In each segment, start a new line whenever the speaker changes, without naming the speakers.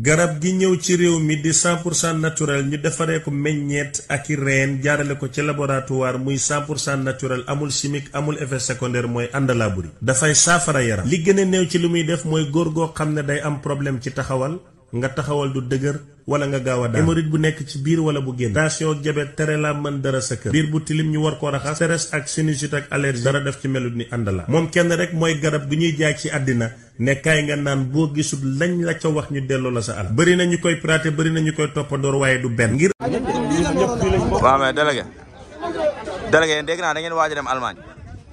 garab gi ñëw ci réew mi di 100 pour cent naturel ñu defaree ko meññeet ak i reen jaarale ko ci laboratoire muy 100 pour cent naturel amul chimique amul effet secondaire mooy àndalaaburi dafay saafara yaram li gën a néew ci li muy def mooy góor goo xam ne day am problème ci taxawal nga taxawal du dëgër wala nga gaawa a daan hémorroïde bu nekk ci biir wala bu génn tension ak jabet tere la mën dara sa kër biir bu tilim ñu war koo raxas stress ak sinusite ak allergie dara def ci melut ni àndala moom kenn rek mooy garab gi ñuy jaay ci àddina ne kaay nga naan boo gisul lañ la ca wax ñu delloo la sa alal bëri na ñu koy praté bëri na ñu koy toppandoor waaye du benn ngir
waaw mais délégué
délégué dégg naa da ngeen waaj dem Allemagne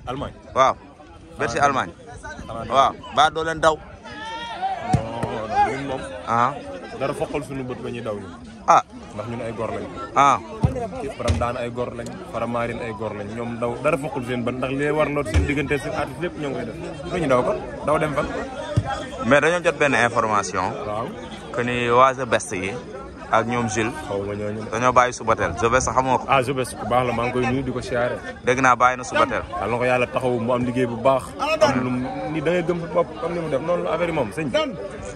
Allemagne
waaw Bercy ci waaw non ñun moom. ah. dara foqal suñu bët ba ñuy daw ñu. a ah. ndax ñun ay gor lañ. ah. faram daan ay gor lañ faramaarin ay gor lañ ñoom daw dara fokul seen bët ndax le war lool seen diggante seen artiste lépp ñoo ngi koy def lu ñu daw ko daw dem fan. mais dañoo jot benn information. waaw que ni waa The Best yi. ak ñoom Gilles. xaw ma ñooñu dañoo bàyyi Subatel Jobes sax xamoo ko. ah Jobes baax la maa ngi koy nuyu di ko siyaare. dégg naa bàyyi na Subatel. waaw na ko yàlla taxawu mu am liggéey bu baax. ni da ngay gëm sa bopp comme ni mu def noonu la affaire moom sëñ bi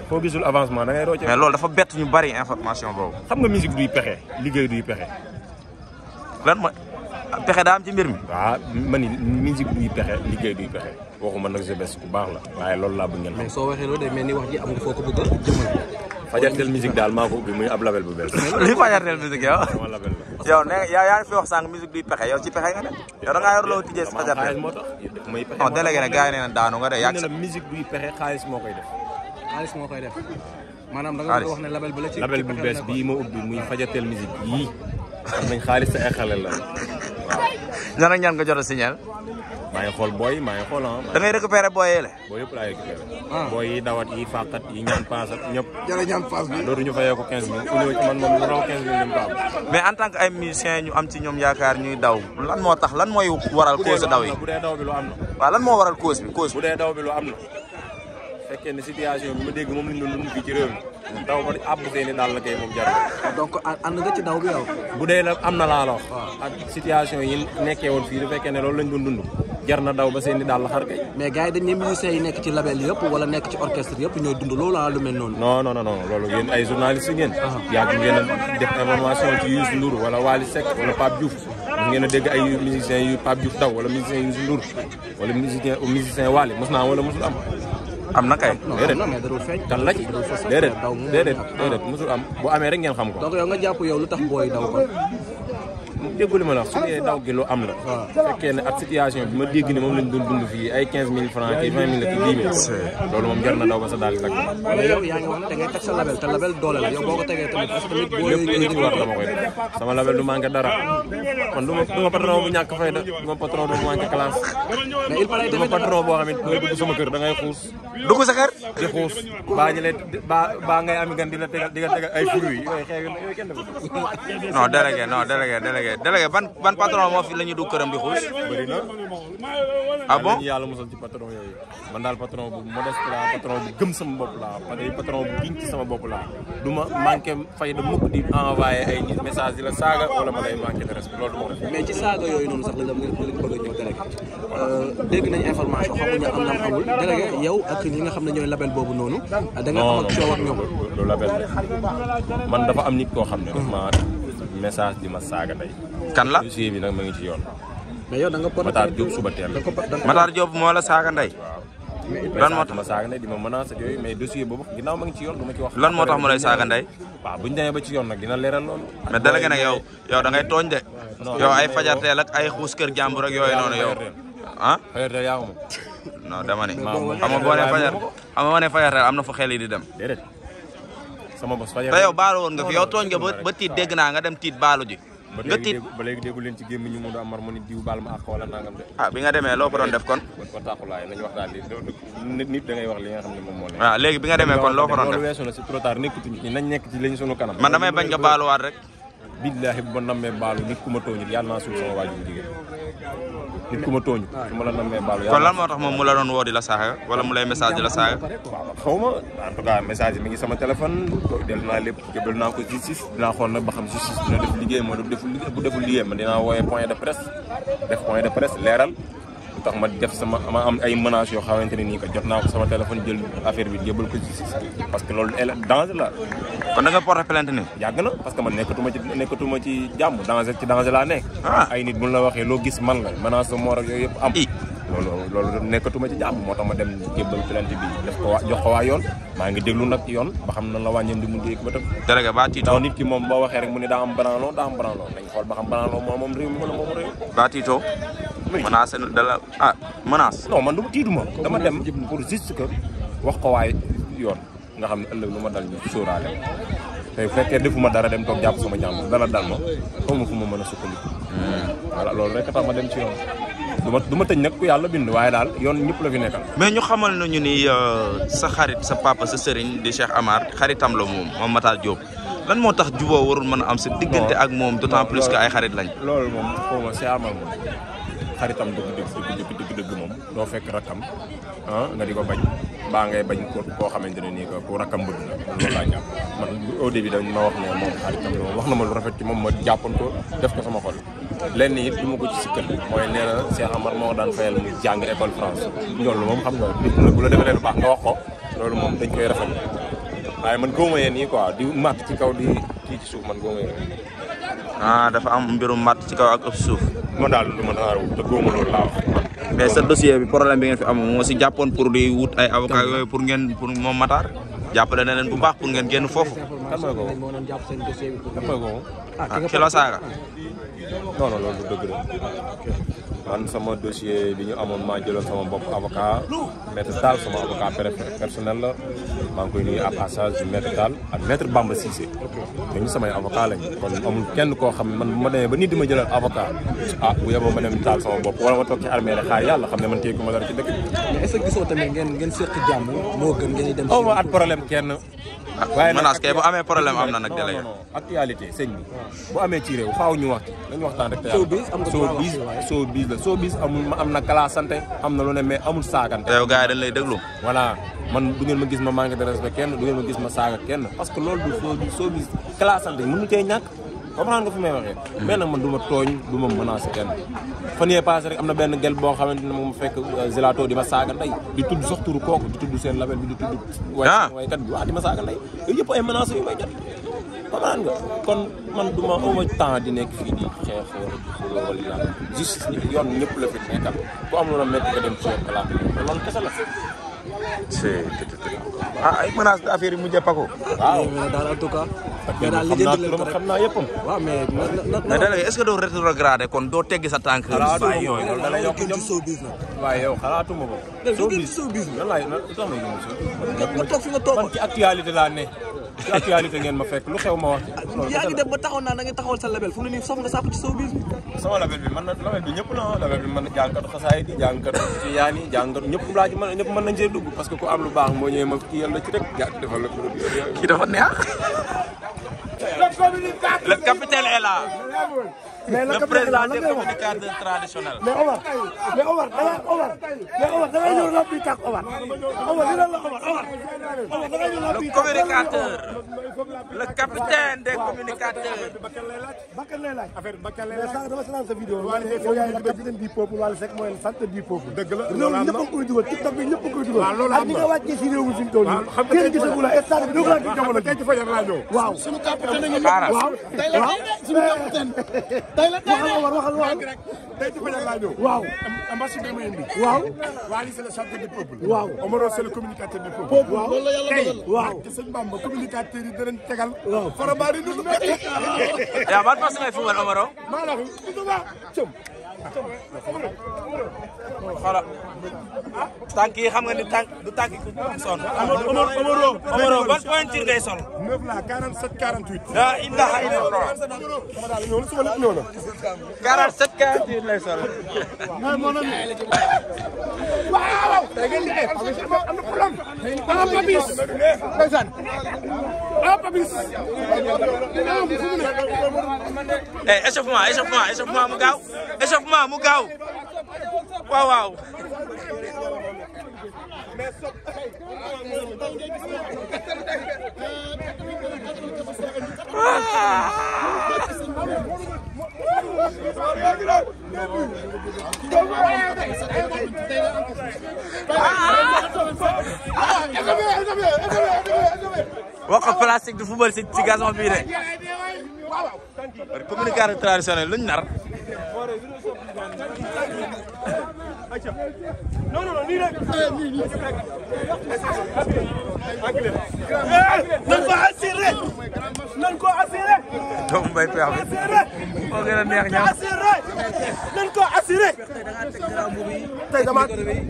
foo gisul avancement da ngay rocce. bett ñu bari information boobu. xam nga musique duy pexe liggéey duy pexe. lan mooy pexe daa am ci mbir mi. waaw ah, man musique duy pexe liggéey duy pexe waxuma nag Jobes ku baax la waaye loolu laa bëgg ngeen. mais soo waxee loolu day mel ni wax ji am fajartel musique daal maa ko ubbi muy ab label bu bees. da ngaa yor loo tijjee si fajartel moo tax muy pexe non délégué ne gars xaalis moo koy def. xaalis koy def. maanaam da nga wax ne la ci label bu bees bii ma ubbi muy fajartel musique yii. am xaalis te ay la waaw. ñan ak ñan nga jot a maa ngi xool booy maa ngi xool ah. da ah. ñëpp. jërë ñaan paas bi loolu ah, ñu fayee tant que ay musiciens ñu am ci ñoom yaakaar ñuy daw lan moo tax lan mooy waral cause daw yi bu dee daw bi lu am na. waaw lan moo waral cause bi cause bi. bu dee daw bi lu am na. fekkee ne situation bi ma dégg moom lañ doon dund fii ci réew mi. daw ba àbb seeni daal la kay moom jar
donc ànd nga ci daw bi yow.
bu dee la am na laa ah. ak situation yi nekkee woon fii bu fekkee ne loolu lañ doon dund jar na daw ba seen i daal la kay. mais gars yi dañ yi nekk ci label yëpp wala nekk ci orchestre yëpp ñooy dund loolu lu mel noonu. non non non loolu yéen ay journalistes ngeen. Ah. yàgg ngeen a def information ci Youssou Ndour wala Wally Seck wala Pape Diouf. mën yu Pape wala musiciens wala musicien musicien Wally mos am. am na kay. déedéet non mais darul feeñ. kan la ci déedéet déedéet déedéet mosul am boo amee rek ngeen xam ko. donc nga jàpp yow tax booy daw ko déggu li ma la wax su dee daw gi am la. waaw ah. fekkee ne bi ma dégg ni moom lañ doon fii ay 15000 francs kii 20000 la kii 10 000. c'est loolu moom jar daw ba sa daal di lakk.
mais yaa ngi wax da ngay teg sa label te label doole la yow boo ko tegee tamit parce ma
du ma xuus. dugg sa kër. di xuus baa ñu ngay am gan di la tegal di nga tegal ay fruits yooyu xeex yooyu kenn délégué ban patron moo fi la ñuy dugg këram di xuus. bëri na. ah bon yàlla yàlla musal ci patron yooyu. man daal patron bu modeste laa patron bu gëm sama du ma manqué fay da mukk di message la saaga wala ma lay manqué de respect loolu a ñëw euh, am na amul ñi nga xam ne ñooy label boobu noonu. da nga am ak man dafa am nit koo xam ne. Hmm. message di ma saaga tey. kan la dossier bi nag ngi ci yoon. mais yow nga porté Matar Diop suba teel la. Matar Diop moo la saaga ndey. lan moo tax ma saaga ndey di ma menacer yooyu mais dossier boobu ginnaaw ma ngi ci yoon du ma ci wax. lan moo tax mu ba ci yoon nag dina leeral loolu. dala nga nag yow yow da ngay tooñ de. yow ay fajarteel ak ay xuus kër jàmbur ak yooyu noonu yow. ah fajarteel yaa ko moom. non dama ne. xam nga boo nee fajar xam nga boo am na fu xel yi di dem. sama bos fa yow baalu woon nga fi yow tooñ nga ba tiit dégg naa nga dem tiit baalu ba léegi déggu leen ci gémmi ñu amar mu ni diw baal ma àq wala nangam de ah bi nga demee loo ko doon def kon ko taxulaay nañu wax daal li nit da wax li nga xam ne moom moo a ah, waaw léegi bi nga demee kon loo ko doon def si trop tard nekkatuñu nañ nekk ci lañ sunu kanam man damay bañ nga baaluwaat rek billaahi bu ma nammee baalu nit ku ma tooñul yàlla naa suul sama waajur jigéen nit ku tooñu ah, la namee baalu kon lan moo tax moom mu la doon woo di la saaga wala mu lay message la saaga waaw xaw message mi ngi sama téléphone del naa lépp jébal naa ko justice dinaa xool nag ba xam justice dina def liggéey ma du deful liggéey ma dinaa wooyee point de presse def point de presse leeral tax ma def sama ma am yoo xamante ne nii que jot naa ko sama téléphone jël affaire bi jébal ko ci parce que loolu danger la. kon da nga porté plainte ni yàgg na parce que man nekkatuma ci nekkatuma ci jàmm danger ci danger laa nekk. Ah. ay nit buñ la waxee loo gis man la menace de mort ak yooyu yëpp am. loolu loolu nekkatuma ci jàmm moo tax ma dem jébbal plainte bi jox ko waa yoon maa ngi déglu nag yoon ba xam nan la wàññeem di mu dégg ba tam. menace da la ah menace. non man du ma dama dem pour juste ko wax ko waaye yoon nga xam ne ëllëg lu ma dal ñu sóoraale tey bu fekkee defuma dara dem toog jàpp sama jàmm dara dal ma xaw ma ma mën a sukkandiku. Hmm. voilà loolu rek tax ma dem ci du ma du ma ku yàlla bind waaye daal yoon ñëpp la fi nekkal. mais ñu xamal nañu ni euh, sa xarit sa papa sa di Cheikh Amar xaritam la moom moom Matar Diop moo tax juboo warul mën a am. sa diggante ak moom d' autant plus que ay xarit lañ. loolu moom xaw moom. xaritam dëgg dëgg dëgg moom doo fekk rakkam ah nga di ko bañ baa ngay bañ ko koo xamante ne nii ku rakkam bëgg la loolu laa jàpp man au na ma lu rafet ci moom ma jàppoon ko def ko sama xol lenn it du ma ko ci sikkal mooy nee na Cheikh Amar moo daan fayal jàng école France loolu moom xam nga nit la bu wax ko loolu moom dañ koy rafet waaye man góoma yeen yi quoi di màtt ci kaw di kii ci suuf man góoma yeen ah dafa am mbirum mat ci kaw ak ëpp suuf. man daal lu ma daal te góobu loolu laa mais sa dossier bi problème bi ngeen fi amoon moo si jàppoon pour di wut ay avocat yooyu pour ngeen pour moom Matar jàppale na leen bu baax pour ngeen génn foofu. ah ki la saaga. non non loolu dëgg la. man sama dossier bi ñu amoon maa jëloon sama bopp avocat maître Tall sama avocat personnel la maa ngi koy nuyu à passage du maître Tall ak maître Bamba Cissé ñooñu samay avocat lañ kon amul kenn koo xam ne man ma demee ba nit di ma jëlal avocat ah bu yeboo ma dem Tall sama bopp wala ma toog ci armée rek xaar yàlla xam ne man téye ko ma dara ci dëkk bi. mais tamit ngeen ngeen seq jàmm moo gën ngeen dem. aw at problème kenn. waaye menace kay bu amee problème am na nag délégué actualité sëñ bi bu amee ci réew faaw ñu wax nañu waxtaan rek showbiz showbiz la showbiz amul am na kalaasante am na lu ne mais amul saagante yow gars yi dañ lay déglu voilà man du ngeen ma gis ma manque de respect kenn du ngeen ma gis ma saaga kenn parce que loolu du showbiz showbiz kalaasante mënu cee ñàkk comprendre nga fi may waxee. mais man du ma tooñ du ma menacé kenn. fan yee passé rek am na benn gel boo xamante ne moom fekk Zelato euh, di ma saaga ndey di tudd sox turu kooku di tudd seen label bi di tudd. ah waykat bi waaw di ma saaga ndey yooyu yëpp ay menaces yu may jot. comprendre nga kon man du ma aw ma temps di nekk fii di xeex wala wala justice yoon ñëpp la fi nekkal ku amul woon métti nga dem ci yoon balaa nga kese la. ah ay menaces affaire mu mujj a pako. waaw daal en tout cas. mais daal li jënd leen xam naa yëppam. waaw mais mais délégué est-ce que doo rétrogradé kon doo teggi sa tànk. xalaatuma yooyu loolu dana yokk ñoom waaw yow xalaatuma ko. soo bis lan laay lan tax na nga toog fi nga toog man ci actualité laa ne. ci actualité ngeen ma fekk lu xew ma wax. yaa ngi dem ba taxaw naa da nga taxawal label fu ne nii sof nga sàpp ci showbiz bi. sama label bi man na label bi ñëpp di jàngkat ci ñëpp laa ci mën ñëpp mën parce que ku am lu baax moo ma kii yàlla ci rek kii dafa neex Le capitaine est là. mais le président des communicateurs traditionnels. mais Omar mais Omar da ngay Omar mais Omar da ngay ñëw
ràbbi tàkk Omar
Omar dina la Omar Omar. le communicateur le capitaine des communicateurs. bakkan lay laaj. affaire bakkan lay laaj mais sànq dama si naan
sa vidéo. waaye le capitaine du peuple Wally Seck mooy le centre du peuple. dëgg la loolu am na loolu ñëpp a koy dugal TikTok bi ñëpp a koy dugal. waaw loolu am na ak ñi nga wàccee si réew mi fi mu toll nii. waaw xam nga tey jii kenn gisagu la stade bi dugg naa ci jamono ji. waaw suñu capitaine xaaral waaw tey la tey la waxal waxal rek tey ci fajar laa ñëw waaw ambassadeur may indi waaw Wally c'est le chanteur du peuple waaw Omaro c'est le communicateur du peuple waaw loolu la yàlla dogal waaw tey sëñ Bamba communicateur yi danañ tegal faramaari ñu
yaa ban pass ngay fumal Omaro maa la ko xoola tànk yi xam nga ni tànk du tànk son Omaro Omaro ban pointure ngay sol 9 la
47 48
la ilaha illallah 47 48 lay sol mooy mon ami
waaw da ngeen liggéey am na problème am na papis ndeysaan
eh échauffement échauffement échauffement mu gaaw échauffement mu gaaw waaw
ah, ah, ah.
wokk plastique du football si si gazon bii de. communicateur traditionnel luñ nar. non non nii rek. nan ko assuré. nan ko assuré. doomu mbay peex bi moo gën a neex Siré tey dama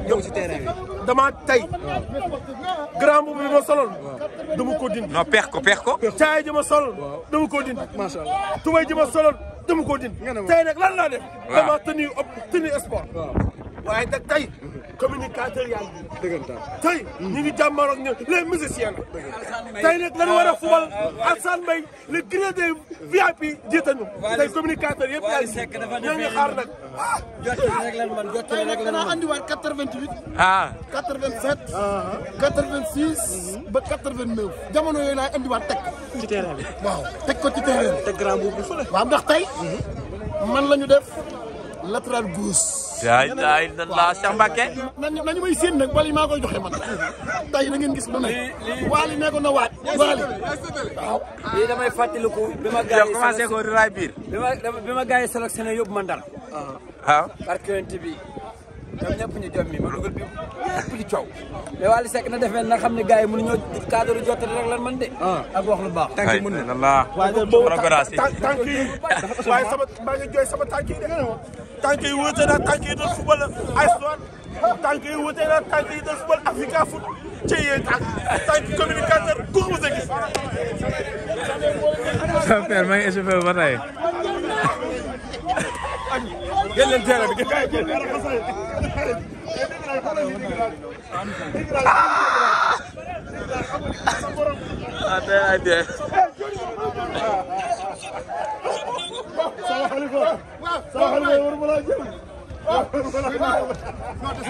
ñëw ci terrain bi dama tey grand boobu bi ma ko dindi non peex ko peex ko caay ji ma solol dama ko dindi macha Allah tubay ji ma solol dama ko
dindi tey nag lan laa def dama tenue tenue waaye nag tey communicateur yaa ngi nii. dëggantaan tey. ñu ngi jàmmaroog ñoom les musiciens la. tey nag lan war a fubal Alassane Mbaye le gré des VIP jiitañu. tey communicateur yëpp yaa ngi nii ñoo ngi xaar nag. jottali rek lan man jottali rek lan man tey nag danaa andiwaat 88. ah 87. 86. Ah. Mhm. ba 89. jamono yooyu laay andiwaat teg ko. ci terrain bi waaw teg ko ci terrain bi. teg grand boobu fële. waaw ndax tey. Mhm. man la ñu def. latéral gauche. yaay yaay lan laa Cheikh Mbacké. nañu nañu may séen nag wala maa koy joxe man. tey da ngeen gis lu ne. waali nee ko na waaj. waali waaw. lii damay fàttaliku.
bi ma gars yi commencé ko raay biir. bi ma bi ma gars yi sélectionné yóbbu ma Ndar. waaw. parce que bi ñoom ñëpp ñu jom mi ma dugal bi ñëpp di coow. na defee na xam ne gars yi mënuñoo cadre jottali rek lan man de. Ah. ak wax lu baax. tànk yi mën na waaye sama maa ngi jooy sama tànk yi de. tànk yi wuute na tànk yi doon football AS Douanes tànk
yi wuute na tànk yi doon football Africa Foot ci yéen tànk tànk communicateur ku mu gis.
sama père maa ngi échauffé ba tey.
gën leen teel a bi gën.
saxal nga war ma laa jëm Macky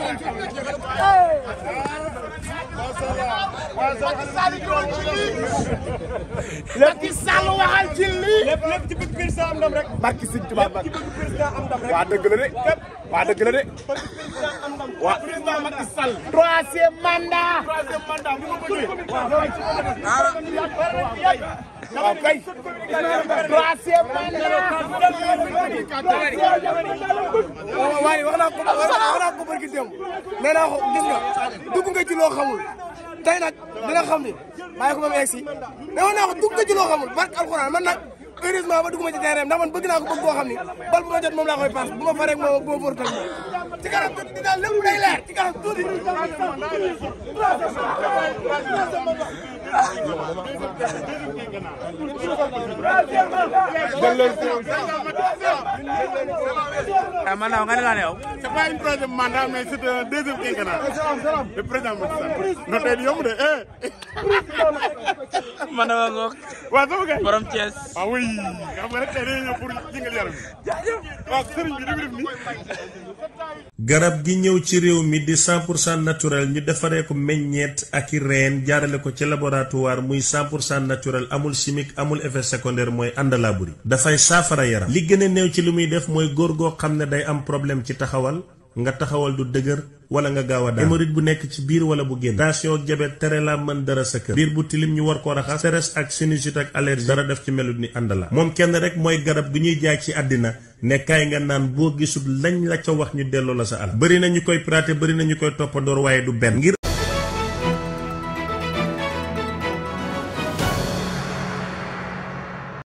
Sall waxal ci lii lépp lépp ci bëgg président am ndam rek barki sëñ Tuubaa lépp ci bëgg président am ndam rek waa dëgg la de waa dëgg la de waa président
Macky Sall troisième mandat troisième mandat bu ma bëggee waaw kay. troisième mandat.
waaye wax naa ko wax naa ko barki démb nee naa ko gis nga dugg nga ci loo xamul tey nag dina xam ni bàyyi ko ba mu egg si mais wax naa ko dugg nga ci loo xamul barke alxuraan man nag heureusement ba dugguma ci terrain ndax man bëgg naa ko bëgg koo xam ni bal bu ma jot moom laa koy paas bu ma faree ak moom bu ma fóorut ak moom ci kanam tuuti dina lépp day leer ci kanam tuuti. ah man nga ne laa ne yow. c'
est pas une troisième mandat mais c' est un deuxième quinquennat. le président Macky Sall. non tey yomb de eh. man damaa ngoog. waaw sama gars borom Thiès. ah oui xam nga rek tey dañuy ñëw pour jingal yaram bi. jaajëf waaw sëriñ bi li mu def nii. garab gi ñëw ci réew mi di 100 pour cent naturel ñu defaree ko meññeet ak i reen jaarale ko ci laboratoire muy 100 pour cent naturel amul chimique amul effet secondaire mooy ànd laa buri dafay saafara yaram li gën a néew ci li muy def mooy góor goo xam ne day am problème ci taxawal nga taxawal du dëgër wala nga gaaw a daan hémorroïde bu nekk ci biir wala bu génn tension ak tere la mën dara sa kër biir bu tilim ñu war koo raxas stress ak sinusite ak allergie dara def ci melut ni ànd la moom kenn rek mooy garab gi ñuy jaay ci àddina ne kaay nga naan boo gisul lañ la ca wax ñu delloo la sa alal bëri na ñu koy praté bëri na ñu koy toppadoor waaye du benn ngir